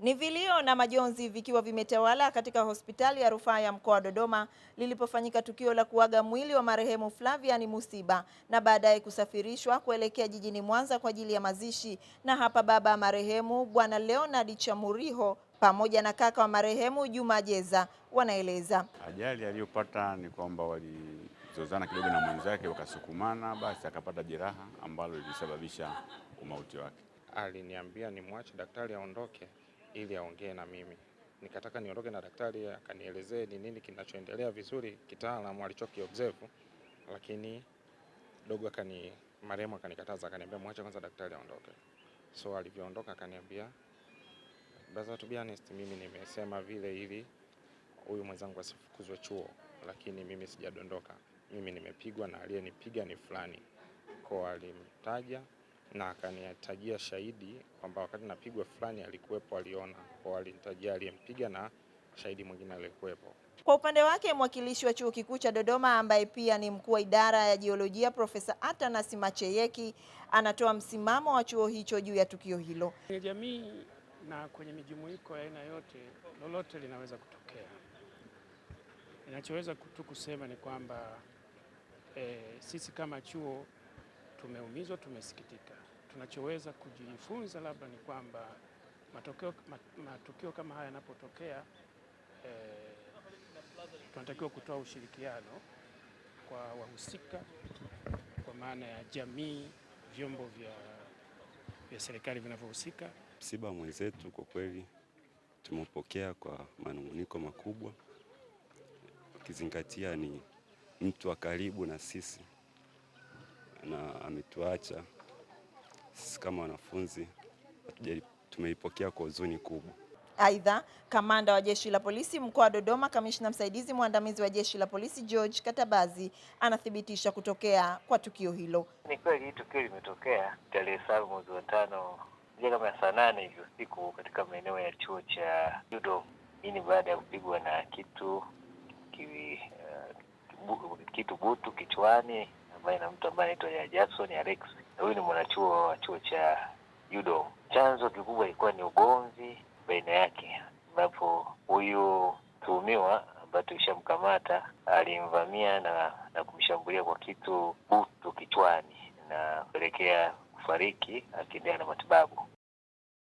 Ni vilio na majonzi vikiwa vimetawala katika hospitali ya rufaa ya mkoa wa Dodoma lilipofanyika tukio la kuaga mwili wa marehemu flaviani Musiba na baadaye kusafirishwa kuelekea jijini Mwanza kwa ajili ya mazishi. Na hapa baba marehemu Bwana Leonard Chamuriho pamoja na kaka wa marehemu Juma Jeza wanaeleza. Ajali aliyopata ni kwamba walizozana kidogo na mwenzake wakasukumana, basi akapata jeraha ambalo lilisababisha umauti wake. Aliniambia nimwache daktari aondoke ili aongee na mimi. Nikataka niondoke na daktari akanielezee ni nini kinachoendelea vizuri kitaalamu alichoki observe, lakini dogo akani marehemu akanikataza, akaniambia mwache kwanza daktari aondoke. So alivyoondoka akaniambia, brother, to be honest, mimi nimesema vile ili huyu mwenzangu asifukuzwe chuo, lakini mimi sijadondoka, mimi nimepigwa na aliyenipiga ni fulani. Kwa alimtaja na akanitajia shahidi kwamba wakati napigwa fulani alikuwepo, aliona, kwa alinitajia aliyempiga na shahidi mwingine alikuwepo. Kwa upande wake mwakilishi wa chuo kikuu cha Dodoma ambaye pia ni mkuu wa idara ya jiolojia Profesa Atanas Macheyeki anatoa msimamo wa chuo hicho juu ya tukio hilo. Kwenye jamii na kwenye mijumuiko ya aina yote, lolote linaweza kutokea. Inachoweza tu kusema ni kwamba eh, sisi kama chuo tumeumizwa, tumesikitika. Tunachoweza kujifunza labda ni kwamba matokeo, matukio kama haya yanapotokea, eh, tunatakiwa kutoa ushirikiano kwa wahusika, kwa maana ya jamii, vyombo vya, vya serikali vinavyohusika. Msiba mwenzetu kwa kweli tumepokea kwa manunguniko makubwa, ukizingatia ni mtu wa karibu na sisi na ametuacha sisi kama wanafunzi, tumeipokea kwa huzuni kubwa. Aidha, kamanda wa jeshi la polisi mkoa wa Dodoma, kamishna msaidizi mwandamizi wa jeshi la polisi George Katabazi anathibitisha kutokea kwa tukio hilo. Ni kweli hii tukio limetokea tarehe saba mwezi wa tano ja kama ya saa nane hivyo siku katika maeneo ya chuo cha judo. Hii ni baada ya kupigwa na kitu kiwi, uh, eh, kitu butu kichwani ambaye na mtu ambaye anaitwa Jackson Alex. Huyu ni mwanachuo wa chuo cha judo. Chanzo kikubwa ilikuwa ni ugomvi baina yake, ambapo huyu mtuhumiwa ambaye tulishamkamata alimvamia na, na kumshambulia kwa kitu butu kichwani na kupelekea kufariki akiendelea na matibabu.